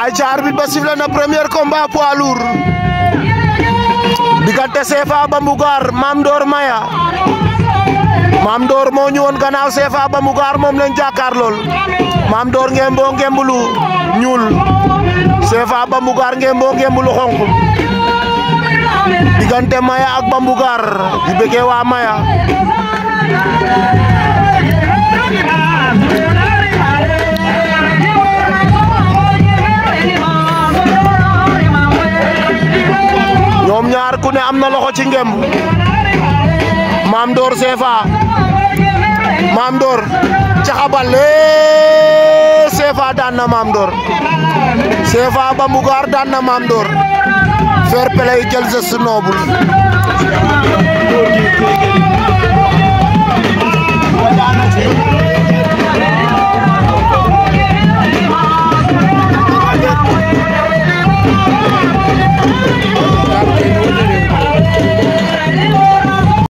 aïcha arbitre ba la na premier combat poids lourd diggante CFA Bambougar mamdor Maya mamdor mo ñu won gannaaw sefa Bambougar moom lañ jàkkaar lool Mame Ndor ngeen boo ngembulu ñul sefa Bambougar ngeen boo ngembulu xonk digante Maya ak Bambougar di bëggee wa Maya ñoom ñaar ku ne am na loxo ci ngemb Mame Ndor CFA Mame Ndor caxabal CFA daan na Mame Ndor CFA Bambougar daan na Mame Ndor fair play jël geste noble